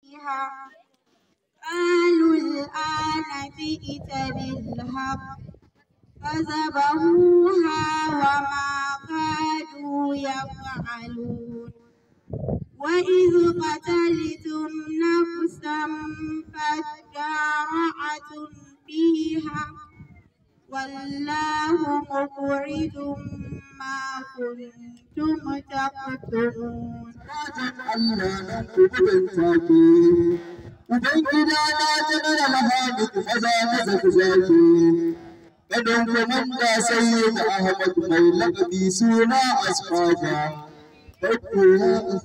فيها قالوا الآن جئت بالحق فذبحوها وما كادوا يفعلون وإذ قتلتم نفسا فادارأتم فيها والله مقعد ما كنتم تكتمون الله لكم بالتقي وبنجدا لا تنال مهانك فذاك تزاكي Gadon Ahmad mai lakabi suna Asfaja. Fattuwa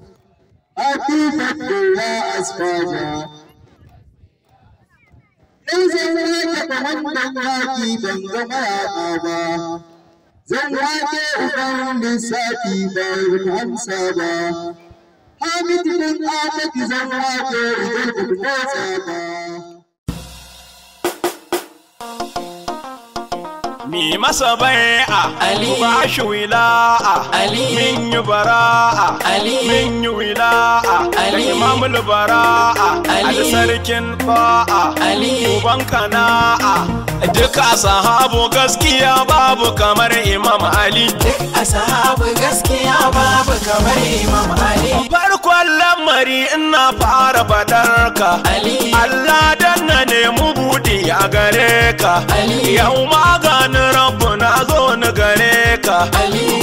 Happy Fattuwa Asfaja. Nizan ya taɓa wannan yaƙi ban gama mayaƙa ba. zan you ran lissafi ba Hamidu dan Ahmad zan mi masa bai'a ali ba shi wila'a ali min yi bara'a ali min yi wila'a ali imamul bara'a ali sarkin fa'a ali uban kana'a duka sahabu gaskiya babu kamar imam ali duk sahabu gaskiya babu kamar imam ali farkon lamari ina fara fadar ka ali allah mu buɗe a gare ka yau gani rabu na zo ni gare ka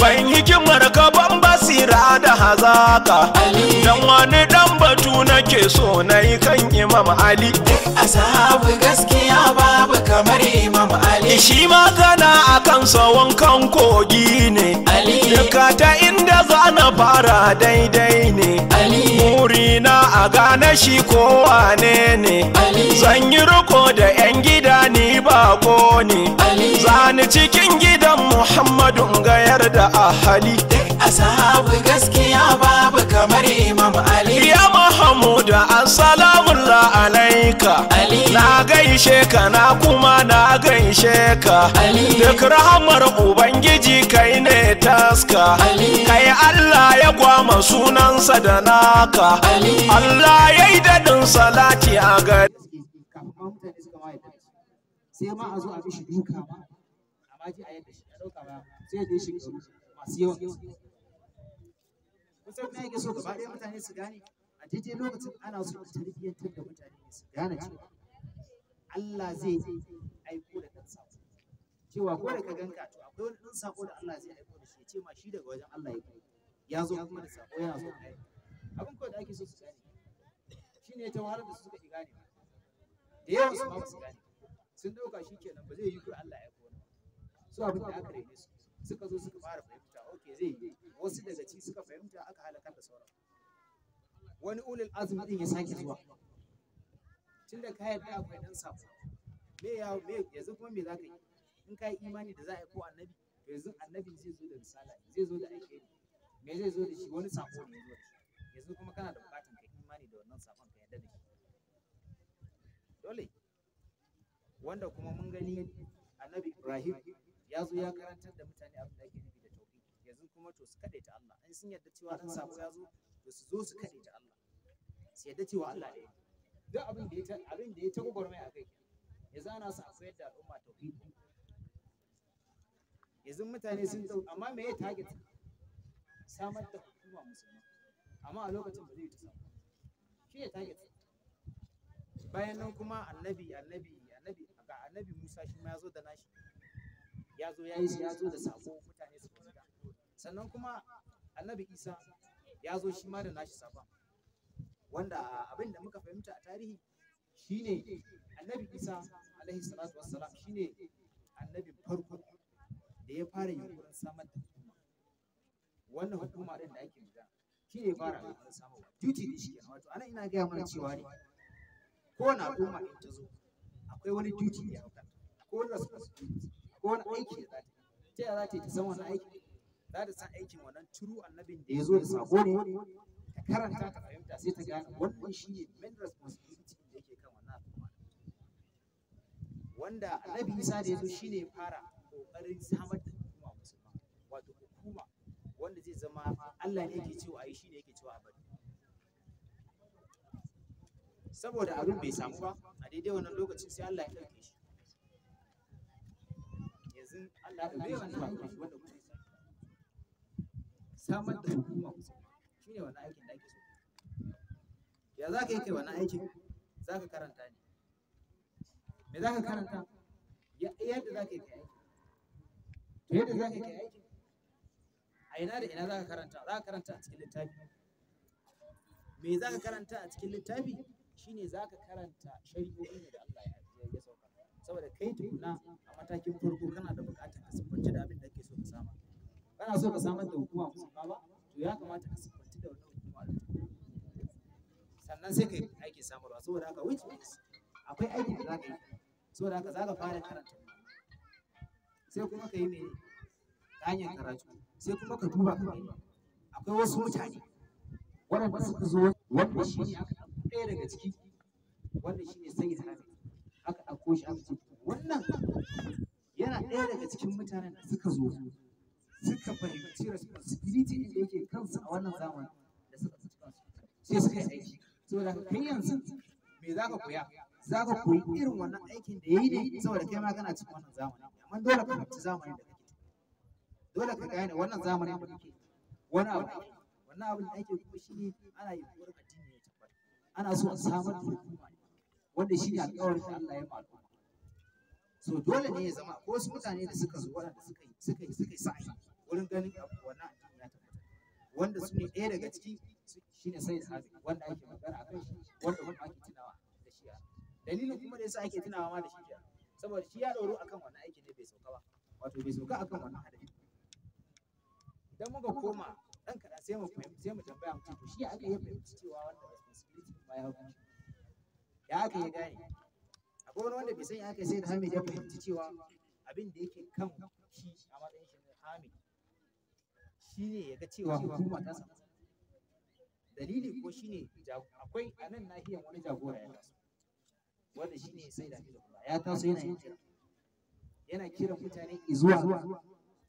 ban hikimar ka ban basira da hazaka dan wani dan batu nake so na yi kan imam ali duk gaskiya babu kamar imam ali shi ma kana akan sawon kan kogi ne duka ta inda za na fara daidai ne ali a gane shi kowa ne ne zan yi riko da 'yan gida ni bako ne zani cikin gidan muhammadu yarda gayar da ahali asahabu gaskiya babu kamar imam ali ya muhammadu sala. alaika na gaishe ka na kuma na gaishe ka duk rahamar ubangiji kai ne taska kai Allah ya gwama sunansa da naka Allah ya yi daɗin salati a gari sai ma a zo a mishi duka ba a baki a yadda shi a ɗauka ba sai da shi masu yawan kusan na yake so gaba ɗaya mutane su gane daidai lokacin ana so tarbiyyantar da mutane su gane cewa Allah zai aiko da ɗan sako cewa ko da ka ganka to akwai wani ɗan sako da Allah zai aiko da shi ya ce ma shi daga wajen Allah ya kai ya zo kuma da sako yana zo. kai abin ko da ake so su gane shine ta wahalar da su suka ki gane da yawan su ma su gane sun dauka shi kenan ba zai yi ko Allah ya aiko su abin da aka rene su suka zo suka fara fahimta okay zai yi wasu daga ci suka fahimta aka halakar da sauran wani ulul azumi din ya sake zuwa tunda ka yarda akwai dan sako me ya me yanzu kuma me zaka yi in ka yi imani da za a yi ko annabi to yanzu annabi zai zo da risala zai zo da alheri me zai zo da shi wani sako ne zo yanzu kuma kana da bukatan ka imani da wannan sakon ka yadda da shi dole wanda kuma mun gani annabi Ibrahim ya zo ya karantar da mutane abin da ake nufi yanzu kuma to su ta Allah in sun yarda cewa dan sako ya zo to su zo su ta Allah su yarda cewa Allah ɗaya duk abin da ya ta abin da ya ta gwagwarmaya a kai yanzu su sa koyar da al'umma tauhidi yanzu mutane sun tsau amma me ya target samar da hukuma musulma amma a lokacin ba zai yi ta samu shi ya target bayan nan kuma annabi annabi annabi ga annabi Musa shi ma ya zo da nashi ya zo ya yi ya zo da sako mutane su sannan kuma annabi isa ya zo shi ma da nashi sabon wanda abin da muka fahimta a tarihi shine annabi isa alaihi salatu wassalam shine annabi farko da ya fara yunkurin samar da hukuma wannan hukuma din da ake magana shi ne fara yunkurin samarwa duty din shi kenan wato ana ina gaya mana cewa ne ko na kuma in ta zo akwai wani duty da ya hauka ko wani responsibility ko wani aiki da za ta yi ta yaya za ta yi ta zama wani aiki za ta san aikin wannan turu annabin da ya zo da sako ne ta karanta ta fahimta sai ta gane wannan shi ne main responsibility da yake kan wannan al'umma wanda annabi isa da ya zo shi ne fara ƙoƙarin samar da hukuma musulma wato hukuma wanda zai zama Allah ne yake cewa ayi shi ne yake cewa a bari saboda abin bai samu ba a daidai wannan lokacin sai Allah ya ɗauke shi yanzu Allah ya ɗauke shi wanda mutane samar da hukuma musulma shi ne wannan aikin da ake so ya za ka yi kai wannan aikin za ka karanta ne me za ka karanta yadda za ka yi kai aikin to yadda za ka yi kai aikin a ina da ina za ka karanta za ka karanta a cikin littafi me za ka karanta a cikin littafi Shi ne za ka karanta shari'o'i ne da Allah ya sauka saboda kai tukuna a matakin farko kana da buƙatar ka siffanci da abin da kake so ka samu ana so ka samar da hukuma musulma ba to ya kamata ka siffanci da wannan hukuma sannan sai ka yi samarwa saboda haka which means akwai aiki da za ka yi saboda haka za ka fara karanta sai kuma ka yi mene ta hanyar karatu sai kuma ka duba ka yi akwai wasu mutane waɗanda suka zo wanda shi ne aka ɗauko ɗaya daga ciki wanda shi ne sai ya aka ɗauko shi aka ce wannan yana ɗaya daga cikin mutanen da suka zo suka fahimci responsibility din da yake kansa a wannan zamani da suka tsinci kansu sai suka yi aiki saboda kai yanzu me za ka koya za ka koyi irin wannan aikin da ya yayi ne saboda kai ma kana cikin wannan zamani amma dole ka fahimci zamanin da kake dole ka gane wannan zamanin da kake wani abu wannan abin da ake kuma shine ana yin wurin addini ya tabbata ana so a samar da hukuma wanda shi ne alƙawarin da Allah ya ma so dole ne ya zama ko wasu mutane da suka zo waɗanda suka yi suka yi suka yi sa'a wurin ganin abu wannan addini ya tabbata wanda su ne ɗaya daga ciki shine sai sabi wanda ake magana a kan shi wanda kuma ake tunawa da shi dalilin kuma da yasa ake tunawa ma da shi saboda shi ya ɗoro akan wannan aiki ne bai sauka ba wato bai sauka akan wannan hadari idan muka koma ɗan kada sai mu fahimci sai mu tambaya mu to shi aka yi fahimci cewa wanda responsibility ba ya hukunci ya aka ya gane akwai wani wanda bai sanya aka sai da hamid ya fahimci cewa abin da yake kan shi a matsayin shi hamid shi ne ya ga cewa shi ta samu dalili ko shi ne akwai a nan nahiyar wani jagora ya taso wanda shi ne sai da kuma ya taso yana yin kira yana kira mutane zuwa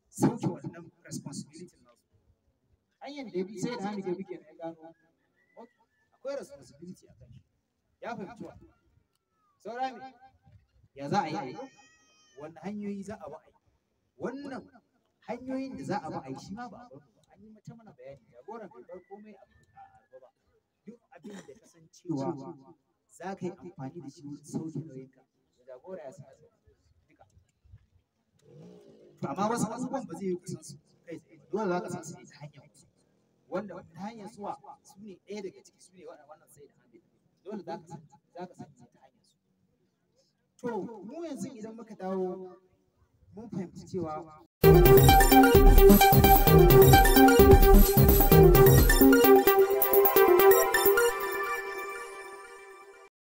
sauke wannan responsibility nasu hanyar da ya bi sai da hannu ke bi kenan ya gano akwai responsibility a kan ya fahimci wa saura ne ya za a yi Wani hanyoyi za a ba a yi wannan hanyoyin da za a ba a yi shi ma ba an yi mata mana bayani jagoran bai bar komai a ba duk abin da kasancewa za ka yi amfani da shi wurin sauke nauyinka da jagora ya sa duka to amma wasu abubuwan ba zai yi kusan su kai dole za ka san su ne ta hanyar su wanda ta hanyar suwa su ne ɗaya daga ciki su ne wannan sai da hannu dole za ka san za ka san ta hanyar su to mu yanzu idan muka dawo mun fahimci cewa うん。